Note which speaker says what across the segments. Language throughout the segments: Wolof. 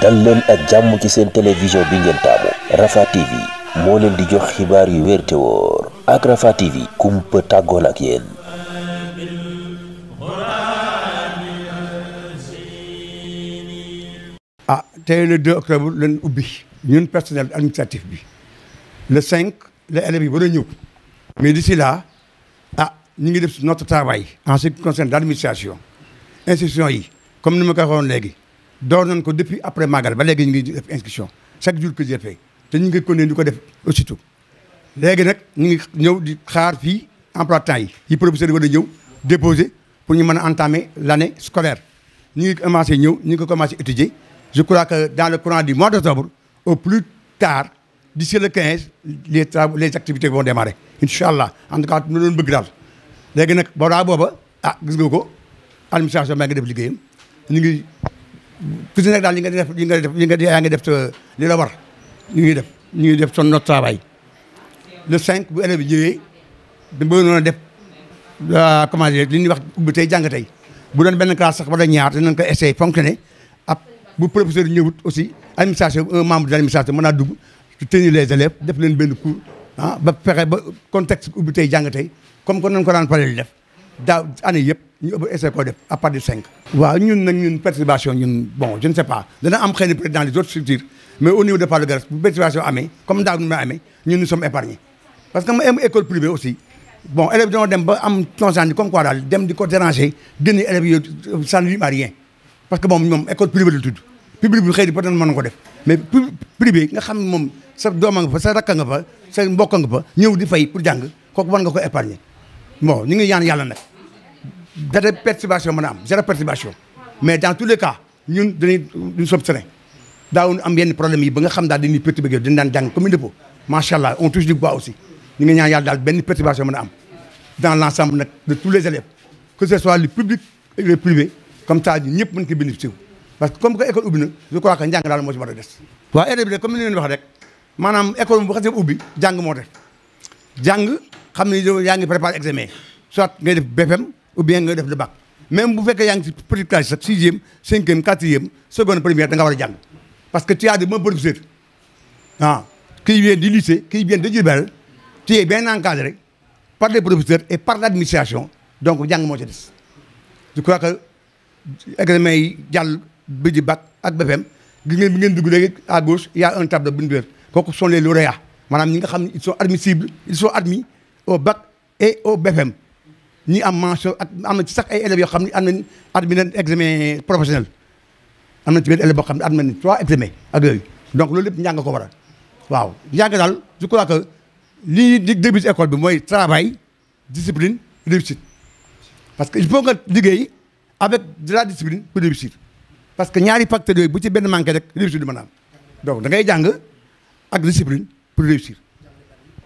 Speaker 1: dal leen ak jàmm ci seen télévision bi ngeen taamu Rafah TV moo leen di jox xibaar yi wér te wóor ak Rafah TV kumpa tàggoon ak yéen. ah
Speaker 2: tey le 2 octobre lañ ubbi ñun personnel administratif bi le cinq les élèves yi war a ñëw mais d'ici là ah ñu ngi def notre travail en ce qui concerne l'administration institution yi comme ni ma ko waxoon léegi. door nañ ko depuis après Magal ba léegi ñu ngi def inscription chaque jour que j'ai fait te ñu ngi continuer di ko def aussitôt léegi nag ñu ngi ñëw di xaar fii emploi temps yi yi professeur yi war a ñëw déposer pour ñu mën a entamer l' année scolaire ñu ngi commencé ñëw ñu ngi ko commencé étudier je crois que dans le courant du mois de octobre au plus tard d'ici le quinze les travaux les activités vont démarrer incha allah en tout cas ñu doon bëgg daal léegi nag boobaa booba ah gis nga ko administration baa ngi def ngi ku daal li nga def li nga def li nga yaa ngi def li la war ñu ngi def ñu ngi def son notre travail le cinq bu élève bi ñëwee da bëgg noon def comment dire li ñuy wax ubbi tey jàng tey bu doon benn classe sax wala ñaar dinañ ko essayer fonctionner ab bu professeur ñëwut aussi administration un membre de l'administration mën naa dugg tenir les élèves def leen benn ku ah ba fexe ba contexte ubbi tey jàng tey comme que noonu ko daan paree def daaw année yëpp ñu ëpp essayé koo def à de cinq. waaw ñun nag ñun perturbation ñun bon je ne pas dana am xëy na peut être les autres mais au niveau de Pape de Grâce bu perturbation amee comme daaw nu ma aussi bon élèves dem ba am conscience comme quoi daal dem di ko déranger génne élèves yooyu ça ne parce que moom moom école privée la tudd public bi xëy ko def mais privé nga xam moom sa dooma nga fa sa rakka nga nga fa ñëw di fay pour jàng kooku war nga ko épargner bon ni ngi yan yàlla nag. dara perturbation mën a am zéro mais dans tous les cas ñun dañuy duñ am yenn problème yi ba nga xam daal dañuy perturbé dañ daan jàng comme dépôt allah on touche du bois aussi ñu ngi ñaan yàlla daal benn perturbation mën a am dans l' ensemble nag de tous les élèves que ce soit le public et comme ça ñu ñëpp mën ko bénéficier parce que comme que école ubbi na je crois que njàng daal moo a des waaw élève bi de comme ni leen wax rek maanaam école bu xasee ubbi jàng moo yaa ou nga def le bac même bu fekkee yaa ngi ci petite classe sax sixième cinquième quatrième seconde première da war a jàng parce que tu as de bons professeurs ah qui lycée qui viennent de Diourbel tu es bien encadré par les professeurs et par l'administration donc jàng moo des je crois que examen yi jàll bi di bac ak BFEM gis ngeen bi ngeen dugg léegi à gauche il y a un tableau bu ñu wér kooku sont les lauréats ñi nga xam ne ils sont admissibles ils sont admis au bac et au BFEM ñi am mention ak am na ci sax ay élèves yoo xam ne am nañ admis examen professionnel am na ci benn élève boo xam ne admis trois examen ak yooyu donc loolu lépp njàng ko waral waaw njàng daal je crois que lii di école bi mooy travail discipline réussite parce que il faut nga liggéey avec de la discipline pour réussir parce que ñaari facteurs yooyu bu ci benn manqué rek réussite du mën am donc da ngay jàng ak discipline pour réussir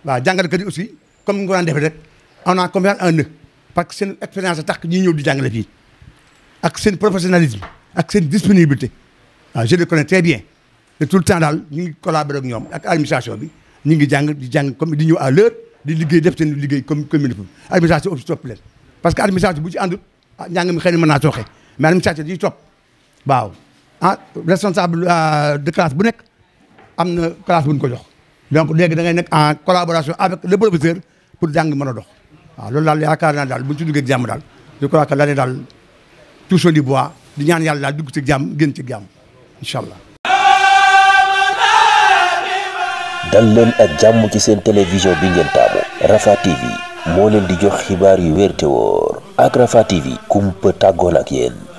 Speaker 2: waaw jàngalekat yi aussi comme nga ko daan defee rek on en parce que seen expérience tax ñuy ñëw di jàngale ak seen professionnalisme ak seen disponibilité waaw je le temps daal ñu ngi collaborer ak ñoom bi ñu ngi jàng di jàng comme di ñëw à l'heure di liggéey def seen liggéey comme commune bi administration aussi topp leen parce que administration bu ci àndut ah, njàng mi xëy na mën naa sooxe mais administration di topp waaw ah responsable euh, de classe bu nekk am na classe bu ñu ko jox donc léegi da ngay nekk en collaboration avec le professeur pour jàng mën a dox waaw loolu daal yaakaar naa daal bu ñu ci duggee jàmm daal je crois que l'année daal tout chaud du bois di ñaan yàlla daal dugg ci jàmm gën ci jàmm incha allah.
Speaker 1: dal leen ak jàmm ci seen télévision bi ngeen taamu Rafah TV moo leen di jox xibaar yu wér te wóor ak Rafah TV kumpa tàggoon ak yéen.